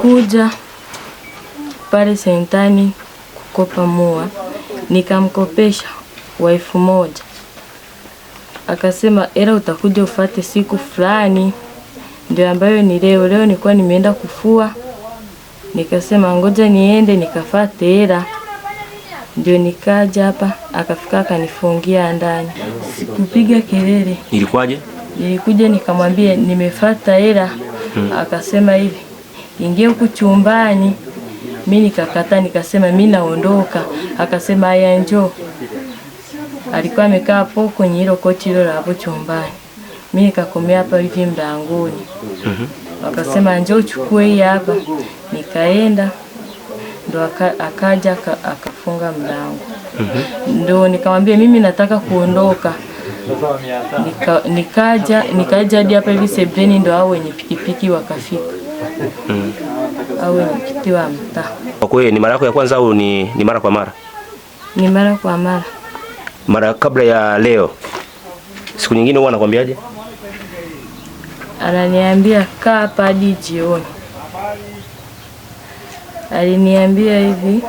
Kuja pale sentani kukopa mua, nikamkopesha wa elfu moja. Akasema era utakuja ufate siku fulani, ndio ambayo ni leo. Leo nilikuwa nimeenda kufua, nikasema ngoja niende nikafate era, ndio nikaja hapa. Akafika akanifungia ndani, sikupiga kelele. Ilikuwaje? Nilikuja nikamwambia nimefata era. hmm. Akasema hivi ingia huku chumbani. Mimi nikakata nikasema mimi naondoka. Akasema haya, njoo. Alikuwa amekaa hapo kwenye hilo kochi hilo la hapo chumbani, mimi nikakomea hapa hivi mlangoni. Mhm. Akasema njoo chukue hii hapa, nikaenda ndo akaja akafunga mlango mhm. ndo nikamwambia mimi nataka kuondoka. Nika, nikaja nikaja hadi hapa hivi sebreni, ndo hao wenye pikipiki wakafika. Mm. au mwenyekiti mtaa. Kwa kweli ni mara yako ya kwanza au ni, ni mara kwa mara? Ni mara kwa mara. Mara kabla ya leo, siku nyingine huwa anakwambiaje? Ananiambia kaa hapa hadi jioni. Aliniambia hivi,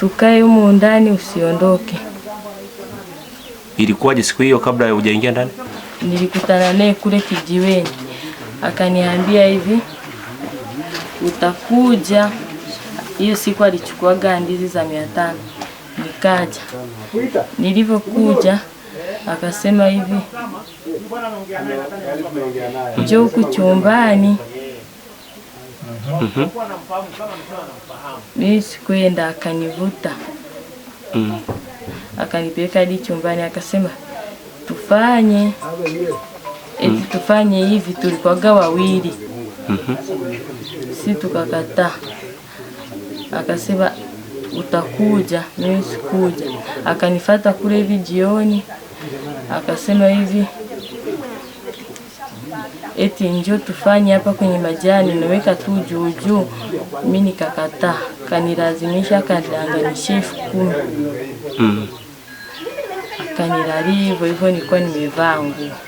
tukae humu ndani usiondoke. Ilikuwaje siku hiyo kabla hujaingia ndani? Nilikutana naye kule kijiweni akaniambia hivi, utakuja. Hiyo siku alichukuaga ndizi za mia tano, nikaja. Nilivyokuja akasema hivi, njoo huku chumbani. Mhm. Mimi sikuenda, akanivuta mhm. akanipeleka hadi chumbani, akasema tufanye tufanye hivi, tulikwaga wawili mm -hmm. si tukakataa, akasema utakuja, mimi sikuja. Akanifata kule hivi jioni, akasema hivi eti njo tufanye hapa kwenye majani, naweka tu juu juu. Mimi nikakataa, kanilazimisha, akanidanganisha elfu kumi mm. Akanilali hivyo hivyo, nilikuwa nimevaa nguo